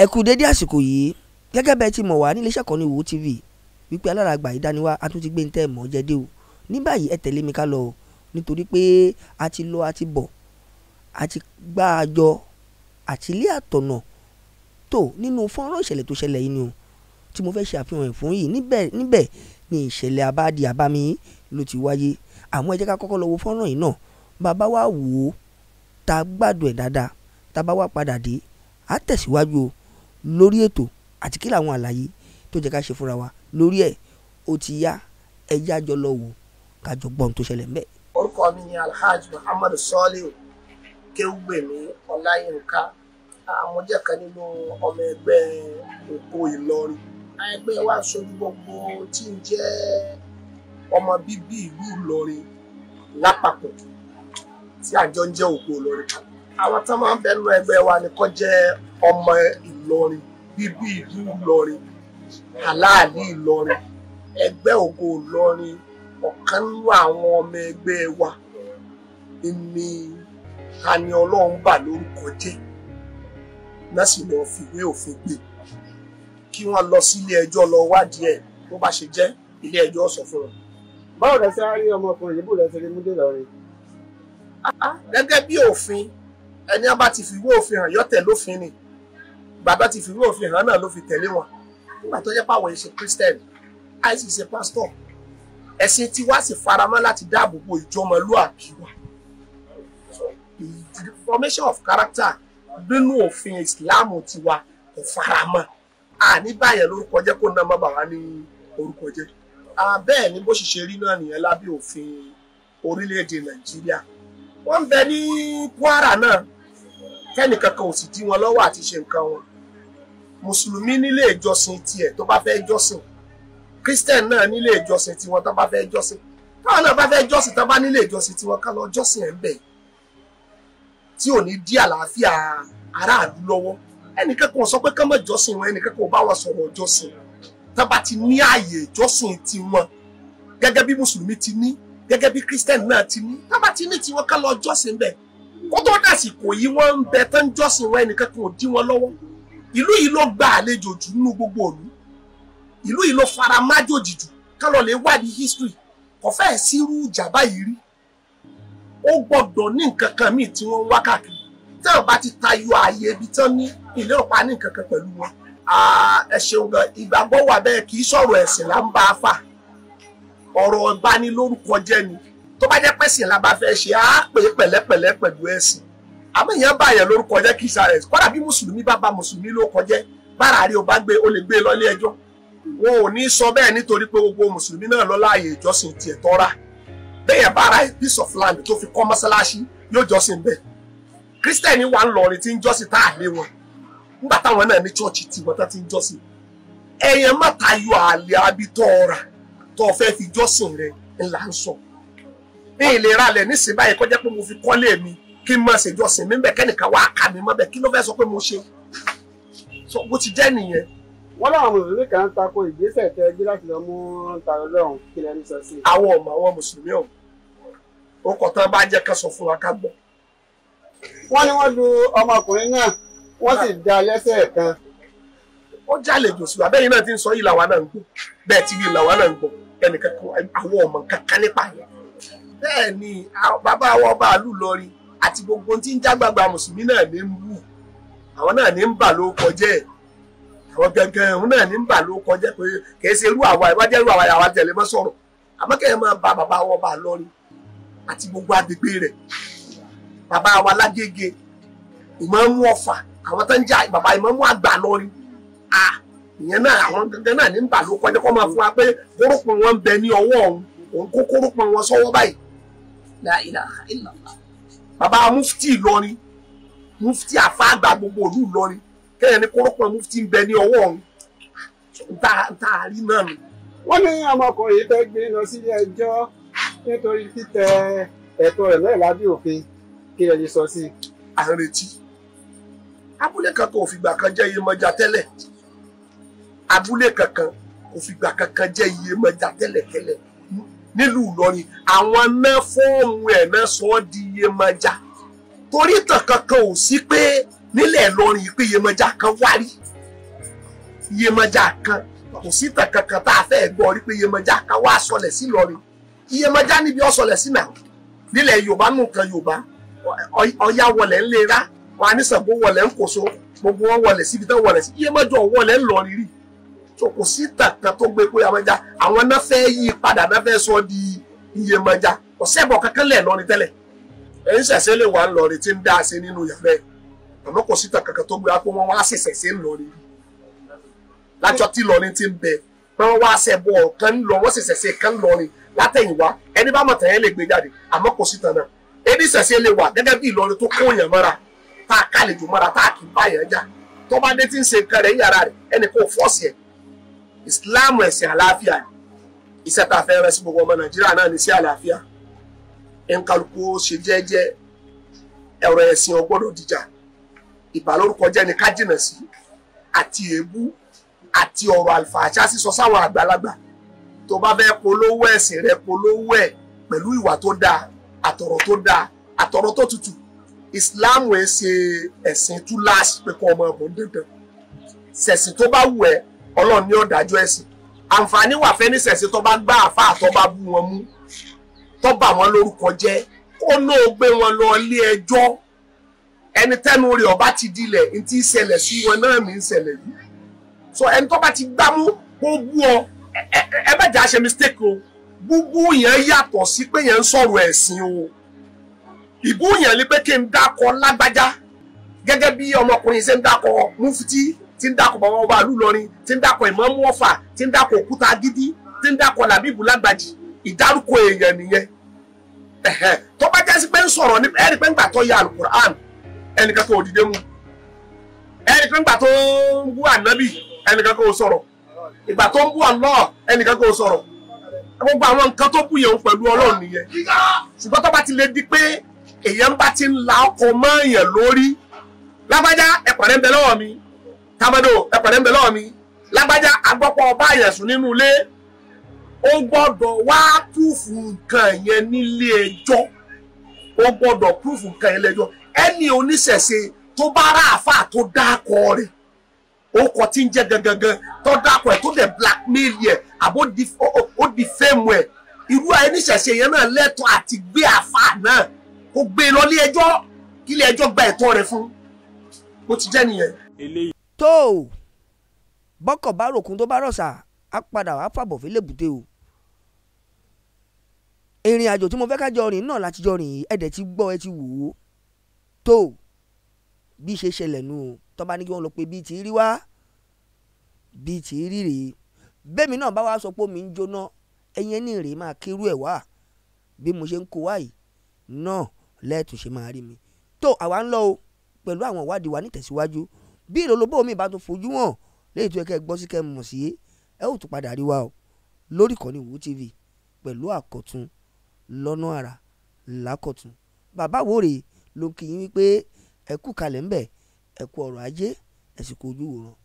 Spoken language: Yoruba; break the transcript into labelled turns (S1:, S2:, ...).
S1: ẹ kú dédé àsìkò yìí gẹ́gẹ́ bẹ́ẹ̀ ti mọ̀ wá ní iléeṣẹ́ kan ní Wo TV wípé alára àgbà yìí dániwá a tún ti gbé ntẹ́ mọ́ jẹ́dé o ní báyìí ẹ tẹ̀lé mi ká lọ o nítorí pé a ti lọ a ti bọ̀ a ti gbá a jọ àtìlé àtọ̀nà tó nínú fọ́nrán ìṣẹ̀lẹ̀ tó ṣẹlẹ̀ yìí ni o tí mo fẹ́ ṣe àfihàn ẹ̀ fún yìí níbẹ̀ níbẹ̀ ni ìṣẹ̀lẹ̀ abáàdì àbámi ló ti wáyé àmọ́ ẹ jẹ́ ká kọ́kọ́ lọ wo fọ́nrán yìí náà bàbá wa wò ó ta gbádùn ẹ̀ dáadáa tá bá wá padà dé á tẹ̀síwájú o lórí ètò àti kí làwọn àlàyé tó jẹ́ ká ṣe fúnra wa lórí ẹ̀ ó ti yá ẹjẹ́ lọ wò kájọ gbọ́ ohun tó ṣẹlẹ̀ ń
S2: orúkọ mi ni alhaji muhammadu sọ́ọ́lì kéwùgbèmí ọláyínká àwọn jẹ́ kan nínú ọmọ ẹgbẹ́ òkú ìlọrin ẹgbẹ́ wa ṣojú gbogbo tí ń jẹ́ ọmọ bíbí ìlú ìlọrin lápapọ̀ tí àjọ ń jẹ́ òkú ìlọrin àwọn tó máa ń bẹnu ẹgbẹ́ wa ni kò jẹ́ ọmọ Ìlọrin bíbí ìlú Ìlọrin aláàlí Ìlọrin ẹgbẹ́ ògo Ìlọrin ọ̀kan nínú àwọn ọmọ ẹgbẹ́ wa ni Tani Olohun bà lórúkọ jẹ́ náà sì lọ fìwé òfin gbé kí wọ́n lọ sí ilé ẹjọ́ lọ wádìí ẹ̀ bó bá ṣe jẹ́ ilé ẹjọ́ sọ fún wọn. báwo lẹ ṣe rí ọmọkùnrin yìí bó lẹ ṣe rí mú dé lọrin. Ah, ah, gẹ́gẹ́ bí òfin ẹni a bá ti fìwé òfin hàn yọ́tẹ̀ lófin ni bàbá ti fi irú òfin hàn náà ló fi tẹ̀lé wọn nígbà tó jẹ́ pàwọ̀ ìṣe christian àìsí ìṣe pastor ẹ̀sìn tí wá sì faramọ́ láti dáàbò bo ìjọmọlúàbí wa the formation of character nínú òfin islam tiwa kò faramọ́ àní báyẹn lórúkọ jẹ́ kó nàmọ́ bàbá ní orúkọ jẹ́ bẹ́ẹ̀ ni bó sì ṣe rí náà nìyẹn lábẹ́ òfin orílẹ̀-èdè nàìjíríà wọ́n ń bẹ ní kwara náà kẹ́nìkankan ò sì dí wọn lọ́wọ́ àti ṣe nǹkan wọn mùsùlùmí nílé ìjọsìn tiẹ̀ tó bá fẹ́ jọ́sìn christian náà nílé ìjọsìn tiwọn tó bá fẹ́ jọ́sìn táwọn náà bá fẹ́ jọ́sìn tó bá nílé ìjọsìn tiwọn ká lọ jọ́sìn ẹ̀ ń bẹ̀ tí ò ní dí àlàáfíà aráàlú lọ́wọ́ ẹnìkan kan sọ pé kánmọ̀ jọ́sìn wọn ẹnìkan kan ò bá wọn sọ̀rọ̀ jọ́sìn tó bá ti ní ààyè ìjọsìn tiwọn gẹ́gẹ́ bí mùsùlùmí ti ní gẹ́gẹ́ bí christian náà ti ní tó bá ti ní tiwọn ká lọ jọ́sìn bẹ̀ kó tó dàsìkò yìí wọ́n ń bẹ tán jọ́sìn wọn ẹnìkan kan dí wọn lọ́wọ́ ìlú yìí ló gba àlejò jù nínú gbogbo òlu ìlú yìí ló fara májòjì jù kálọ̀ lè wádìí history kò fẹ́ẹ̀ sírú ìjà báyìí rí ó gbọ́dọ̀ ní nǹkan kan míì tí wọ́n ń wá káàkiri tẹ́ ọ̀ bá ti tayọ ààyè ibi tán ní ilé ọ̀pá ní nǹkan kan pẹ̀lú wọn ẹ ṣeun gan ìgbàgbọ́ wà bẹ́ẹ̀ kì í sọ̀rọ̀ ẹ̀sìn là ń bá a fà ọ̀rọ̀ ìbanilórúkọ jẹ́ ni tó bá jẹ́ pẹ́sìn la bá fẹ́ ṣe á pè é pẹ̀lẹ́pẹ̀lẹ́ pẹ̀lú ẹ̀sìn àmọ́ èèyàn bá èèyàn lórúkọ jẹ́ kí sáré kọ́dà bí mùsùlùmí bá ba mùsùlùmí ló kọjẹ́ bára rí o bá gbé o lè gbé e lọ ilé ẹjọ́ wọn ò ní sọ bẹ́ẹ̀ nítorí pé gbogbo mùsùlùmí náà lọ láàyè ìjọsìn tiẹ̀ tọ́ra bẹ́ẹ̀ bára piece of land tó fi kọ́ mọ́sálásí yóò jọ́sìn bẹ́ẹ̀ kírísítẹ́nì wà ń lọrin tí ń jọ́sìn tá à lé wọn nígbà táwọn náà ní chọ́ọ̀chì tiwọn tá ti ń jọ́sìn ẹ̀yẹn má tayọ àlẹ́ abitọ́ ọ̀rà tó o fẹ́ fi jọ́sìn rẹ̀ ńlá ń sọ ní ìlera rẹ̀ nísìnyí báyìí kọjá pé mo fi kọ́lé kí n máa ṣèjọsìn mi bẹ́ẹ̀ kẹ́nìkan wá kà mí mọ́ bẹ́ẹ̀ kí ló fẹ́ sọ pé mo ṣe bó ti jẹ́ nìyẹn. wọ́n láwọn mùsùlùmí kan ń tako ìgbésẹ̀ tẹ gbé láti lọ mú tayọ lọ́hùn kí lẹ́nu sọ sí. àwọn ọmọ àwọn mùsùlùmí ọ̀hún ó kọ̀ tán bá jẹ́ ká sọ fún wa ká gbọ́. wọ́n ní wọ́n lu ọmọkùnrin náà wọ́n sì da lẹ́sẹ̀ kan. ó jálè jòsì wa bẹ́ẹ̀ ni náà ti ń sọ yìí làwa náà ń gbọ́ bẹ́ẹ̀ ti rí làwa náà ń gbọ́ ẹnìkan àwọn ọmọ kankan nípa yẹn. bẹ́ẹ̀ ni bàbá wa ọba àlù lọ rí àti gbogbo tí ń jágbàgbà mùsùlùmí náà ní ń wù àwọn náà ní ń bà ló kọjẹ́ àwọn gangan òun náà ní ń bà ló kọjẹ́ pé kìí ṣe irú àwa ìwájú irú àwa àwa tẹ̀lé mọ́ sọ̀rọ̀ àmọ́ kẹ́ ẹ máa ba bàbá wọn bá lọ́rin àti gbogbo agbègbè rẹ̀ bàbá wa lágége ìmáàmù ọ̀fà àwọn tó ń jà bàbá ìmáàmù àgbà lọ́rin à ìyẹn náà àwọn gangan náà ní ń bà ló kọjẹ́ kọ́ máa fún wa pé kórópọ̀ wọn bẹ ní ọwọ́ òun òun kó kórópọ̀ wọn sọ́wọ́ báyìí la ilaha illallah Baba, mufti Ìlọrin mufti àfáàgbà gbogbo ìlú Ìlọrin kẹ́yìn ní kórópọ̀ mufti ń bẹ ní ọwọ́ òun ntaari náà ni. wọ́n ní ọmọkùnrin yìí fẹ́ gbé lọ sílé ẹjọ́ nítorí títẹ ẹ̀tọ́ rẹ̀ lẹ́yìn lábẹ́ òfin kí lè sọ sí i. à ń retí abúlé kan kò fìgbà kan jẹ́ Yemọja tẹ́lẹ̀ abúlé kankan kò fìgbà kankan jẹ́ Yemọja tẹ́lẹ̀ tẹ́lẹ̀ nílùú Ìlọrin àwọn náà fóònù ẹ̀ náà sọ ọ́ di Yemọja torí tàn kankan ò sí pé nílẹ̀ Ìlọrin pé Yemọja kan wárí Yemọja kan kò sí tàn kankan tá a fẹ́ gbọ́ rí pé Yemọja kan wá sọlẹ̀ sí Ìlọrin Yemọja níbi ó sọlẹ̀ sí náà nílẹ̀ Yorùbá nù kan Yorùbá Ọya wọlé ńlera wọn àníṣàgbó wọlé ńkòso gbogbo wọn wọlé síbi tó wọlé sí Yemọja ọwọlé ńlọrin rí so kò sí tàkàn tó gbé pé Yemọja àwọn náà fẹ́ yí padà náà fẹ́ sọ di Yemọja kò sẹ́bọ̀ kankan lẹ̀ lọ́rin tẹ́lẹ̀ ẹ̀yìn ṣẹ̀ṣẹ̀ lè wà ńlọrin tí ń dá ṣe nínú yàrá ẹ̀ àmọ́ kò sí tàkàn kan tó gbé pé wọ́n wá ṣẹ̀ṣẹ̀ ṣe lájọ tí lọrin ti ń bẹ wọ́n wá ṣẹ̀bọ̀ kan lọ wọ́n ṣẹ̀ṣẹ̀ ṣe kan lọrin látẹ̀yìnwá ẹni bá mọ̀tàn yẹn lè gbé jáde àmọ́ kò sí tàn náà ẹni ṣẹ̀ṣẹ̀ lè wà gẹ́gẹ́ bí Ìlọrin tó kó yàn mọ́ra tá a kálejò islam ẹ̀sìn àlàáfíà ni iṣẹ́ tá a fẹ́ rẹ sí gbogbo ọmọ nàìjíríà náà ní sí àlàáfíà nkàlùkù ṣe jẹ́jẹ́ ẹ̀rọ ẹ̀sìn ọgbọ́dọ̀ dìjà ìbàlórúkọ jẹ́ ni ká jìnà sí àti èébú àti ọ̀rọ̀ àlùfàṣà sísọ sáwọn àgbàlagbà tó bá fẹ́ polówó ẹ̀sìn rẹ polówó ẹ̀ pẹ̀lú ìwà tó dáa àtọ̀rọ̀ tó dáa àtọ̀rọ̀ tó tutù islam ẹ̀ ṣe ẹ̀sìn túláàsì pé kọ́ ọmọ ọ̀bùn dandan ṣẹ̀sìn tó bá wù ẹ́ ọlọ́run ní ọ̀dájú ẹ̀sìn àǹfààní wà fẹ́ nísẹ̀sí tó bá gbá àfa àtọ́ba bú wọn mú tó bà wọn lórúkọ jẹ́ kó náà gbé wọn lọ ilé ẹjọ́ ẹni tẹ́nu rẹ̀ ọba ti dilẹ̀ ní ti ṣẹlẹ̀ sí wọn náà mi ń ṣẹlẹ̀ yìí so ẹni tó bá ti gbámú kó bú ọ ẹ bẹ́ẹ̀ jà ṣe mistake o búbú yẹn yàtọ̀ sí pé yẹn ń sọ̀rọ̀ ẹ̀sìn o ìbú yẹn ni pé kí n dákọ lágbájá gẹ́gẹ́ bí ọmọkùnrin ṣe ń dákọ mufti tí ń dàkọ̀ bàbá ọba àlú lọrin tí ń dàkọ̀ ìmọ̀mú ọ̀fà tí ń dàkọ̀ òkúta gidi tí ń dàkọ̀ làbíbù lágbàjì ìdárúkọ èèyàn nìyẹn tó bá jẹ́ sí pé ń sọ̀rọ̀ ní ẹ̀rí pé ń gbà tó ya alukur'an ẹnìkan kò dìde mu ẹ̀rí pé ń gbà tó ń bú ànábì ẹnìkan kò sọ̀rọ̀ ìgbà tó ń bú Allah ẹnìkan kò sọ̀rọ̀ gbogbo àwọn nǹkan tó bú yẹn pẹ̀lú ọlọ́run nìyẹn ṣùgbọ́n tó bá ti lè di pé èèyàn bá ti ń la ọkọ̀ mọ́ èèyàn lórí lágbájá ẹ̀pàdé ń bẹ lọ́wọ́ mi tàbádò ẹ̀pẹ̀rẹ̀ ń bẹ lọ́wọ́ mi lágbájá agbọ́pọ̀ ọba àyẹ̀sùn nínú ilé ó gbọ́dọ̀ wá púrúfù nǹkan yẹn nílé ẹjọ́ ó gbọ́dọ̀ púrúfù nǹkan yẹn lẹ́jọ́ ẹni oníṣẹ̀ṣe tó bá rà àfà tó dákọ rẹ̀ ó kọ tí ń jẹ́ gangan tó dákọ ẹ̀ tó dẹ̀ blackmail yẹ àbó ó di fẹ́mu ẹ̀ irú oníṣẹ̀ṣe yẹn náà lẹ́tọ̀ọ́ àti gbé
S1: àfà náà kó gbé lọ ilé ẹjọ́ kí ilé ẹjọ́ gba ẹ̀tọ́ rẹ̀ fún bó ti jẹ́ nìyẹn tó o bọ́kọ̀ bá ròkun tó bá rọ̀ṣà á padà wàá fàbọ̀ fi lébùté o ìrìn àjò tí mo fẹ́ ká jọ rìn náà láti jọ rìn yìí ẹ̀dẹ̀ ti gbọ́ ẹ ti wò ó tó bí ṣe ṣẹlẹ̀ nù tó bá ní kí wọ́n lọ pé bíi ti rí wá bíi ti rí rèé bẹ́ẹ̀mi náà bá wá sọ pé omi ń jóná ẹyin ẹni rèé máa kírú ẹ̀ wá bí mo ṣe ń kó wá yìí náà lẹ́ẹ̀tún ṣe máa rí mi tó àwa ń lọ o pẹ̀lú àwọn ìwádìí wa nítẹ̀síwájú bí ìrólóbó mi bá tún fojú hàn léyìí tó yẹ kẹ́ ẹ gbọ́ sí kẹ́ sí ẹ ó tún padà rí wa o lórí ìkànnì Wo TV pẹ̀lú àkọ̀tun lọ́nà àrà lákọ̀tun bàbá wo rèé ló kì í wípé ẹ kú kalẹ̀ ńbẹ̀ ẹ kú ọ̀rọ̀ ajé ẹ sì kú wòran.